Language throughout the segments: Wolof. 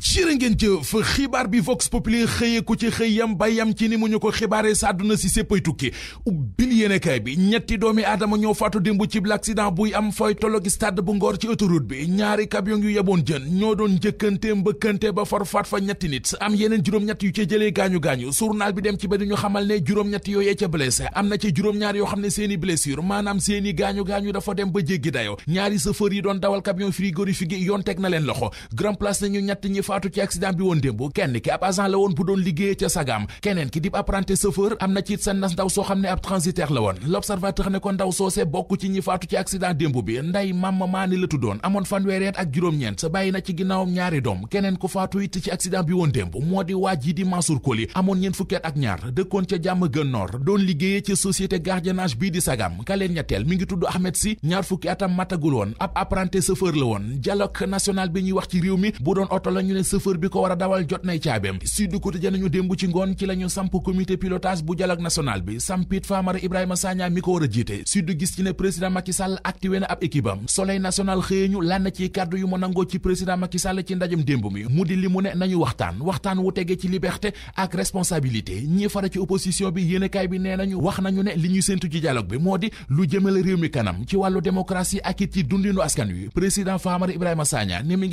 jërë ngeen jëf xibaar bi Vox Populi xëyee ko ci xëy yam ba yam ci ni mu ñu ko xibaaree sa àdduna si séppay tukki yéenekaay bi ñetti doomi aadama ñoo faatu démb ci l'accident buy am fay tolloog bu Ngor ci autoroute bi ñaari camion yu yeboon jën ñoo doon njëkkante mbëkkante ba far fa ñetti nit am yeneen juróom-ñett yu ca jëlee gaañu-gaañu journal bi dem ci ba di xamal ne juróom-ñett yooyee ca blessé am na ci juróom-ñaar yoo xam ne seeni blessure maanaam seeni gaañu-gaañu dafa dem ba jéggi dayo ñaari chauffeur yi doon dawal camion frigorifique yi Dakar la woon l'observateur ne ko ndaw soose bokk ci ñi faatu ci accident démb bi nday mamma maani la tuddoon amoon fanweereet ak juróom-ñeent bàyyi na ci ginnaawam ñaari doom keneen ko faatu it ci accident bi woon démb moo di waaj yi di Mansour Koli amoon ñeent fukkeet ak ñaar dëkkoon ca jàmm gën nord doon liggéeyee ci société gardiennage bii di sagam kaleen ñetteel mi ngi tudd Ahmed Si ñaar fukki atam matagul woon ab apprenti chauffeur la woon dialogue national bi ñuy wax a Ibrahima Sagna mi ko war a jiite suddu gis ci ne président Macky Sall activé na ab équipe soleil national xëyee ñu lan ci kàddu yu mu nangoo ci président Macky ci ndajam démb mi mu di li mu ne nañu waxtaan waxtaan wu tegee ci liberté ak responsabilité ñi fara ci opposition bi yéenekaay bi nee nañu wax nañu ne li ñuy séntu ci dialogue bi moo di lu jëmale réew mi kanam ci wàllu démocratie ak it ci dundinu askan wi président Famara Ibrahima Sagna ni mu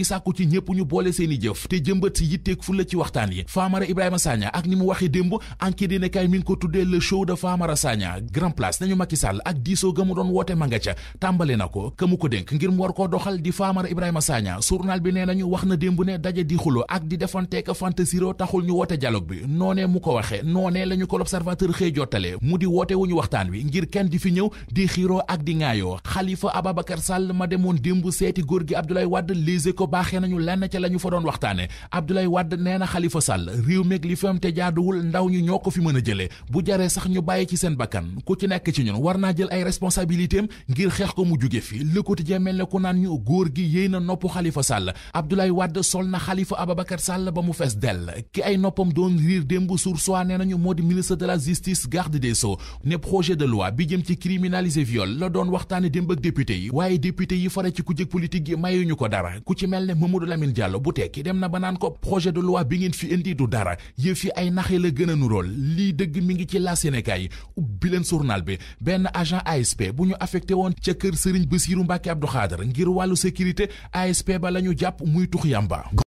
grand place nañu Macky Sall ak diisoo ga mu doon woote manga ca tàmbale na ko ka mu ko dénk ngir mu war koo doxal di Famara Ibrahima Sagna journal bi nee nañu wax na démb ne daje di xulo ak di defanteeka fantasiro taxul ñu woote dialogue bi noonee mu ko waxe noonee la ñu ko l'observateur xëy jottale mu di woote wu ñu waxtaan wi ngir kenn di fi ñëw di xiiroo ak di ŋaayoo xalifa Ababacar Sall ma demoon démb seeti góor gi Abdoulaye Wade lise ko baaxee nañu lenn ca la ñu fa doon waxtaane Abdoulaye Wade nee na Khalifa Sall réew meeg li fam te jaaduwul ndaw ñu ñoo ko fi mën a jëlee bu jaree sax ñu bàyyi ci seen bakkan ku ci nekk ci ñun war naa jël ay responsabilité am ngir xeex ko mu jóge fi Le Quotidien mel ne ku naan ñu góor gi yéy na nopp Xalifa Sàll Abdoulaye Wade sol na Xalifa Ababacar Sàll ba mu fees dell ki ay noppam doon riir démb sur soi ne nañu moo di ministre de la justice garde des sceaux ne projet de loi bi jëm ci criminaliser viol la doon waxtaane démb ak député yi waaye député yi fare ci ku jëg politique yi mayuñu ko dara ku ci mel ne Mamadou Lamine Diallo bu tekki dem na ba naan ko projet de loi bi ngeen fi indi du dara yëf yi ay naxe la gën a nurool lii dëgg mi ngi ci la Sénégal journal bi benn agent ASP bu ñu affecté woon ca kër Serigne Bassirou Mbacké Abdou Khadre ngir wàllu sécurité ASP ba la ñu jàpp muy tux yàmba